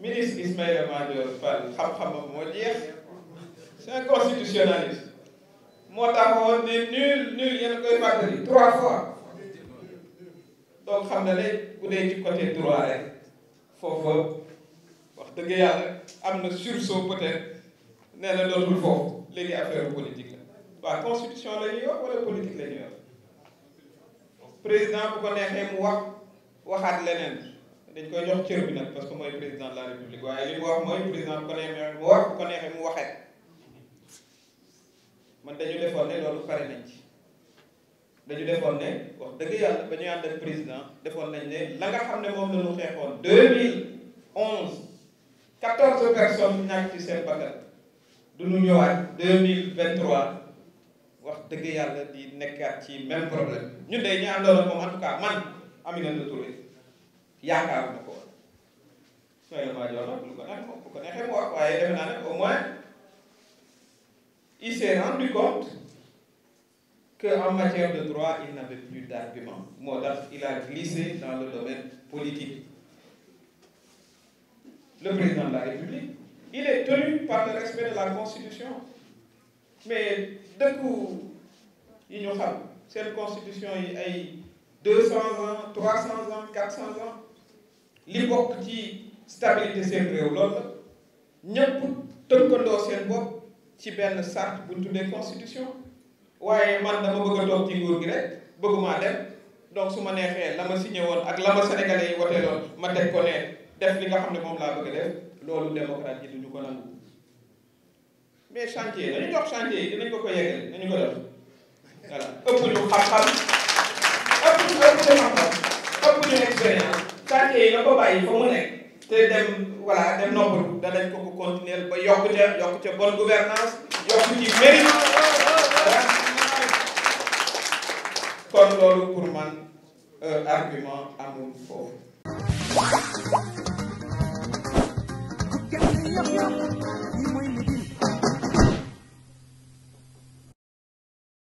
ministre Ismaïla Madior Fall xam-xamam moo jeex c'est un constitutionnaliste moo taxoon ne nul nul yéen koy fàttali trois fois donc xam na ne bu dee ci côté droit rek foofa wax dëgg yàlla am na sursaut peut-être nee na dootul foofu léegi affaire politique la waa constitution la ñuy wax wala politique la ñuy wax président bu ko neexee mu wax waxaat leneen dañ koy jox cër bi nag parce que mooy président de la république waaye li mu wax mooy président bu ko neexee mu wax bu ko neexee mu waxee man dañu defoon ne loolu pare nañ ci dañu defoon ne wax dëgg yàlla ba ñu ànd ak président defoon nañ ne la nga xam ne moom la ñu xeexoon deux mille onze quatorze personnes ñàkk ci seen bakkan du ñu ñëwaat deux mille vingt trois wax dëgg yàlla di nekkaat ci même problème mm-hmm. ñun de ñu àndoon ak moom en tout cas man Amina la Touré yaakaar na ko woon sooy maa jox nag lu ko neex moom bu ko neexee mu wax waaye defe naa ne au moins il s'est rendu compte que en matière de droit il n'avait plus d'argument moo tax il a glissé dans le domaine politique le président de la République il est tenu par le respect de la Constitution mais dëkku yi ñu xam seen constitution yi ay deux cent ans trois cent ans quatre cent ans li bokk ci stabilité seen réew lool la ñépp tënkandoo seen bopp ci benn charte bu ñu tuddee constitution waaye man dama bëgg a toog ci nguur gi rek bëgguma dem donc su ma neexee la ma signé woon ak la ma sénégalais yi woteeloon ma teg ko ne def li nga xam ne moom laa bëgg a loolu démocrate yi duñu ko nangu mais chantier dañuy dox chantier yi dinañ ko ko yeggale nañu ko def voilà ëpp ñu xam-xam ëpp ñu ëpp te dem voilà dem noppalu danañ ko ko continuer ba yokk ca yokk ca bonne gouvernance yokk euh, argument amul foofu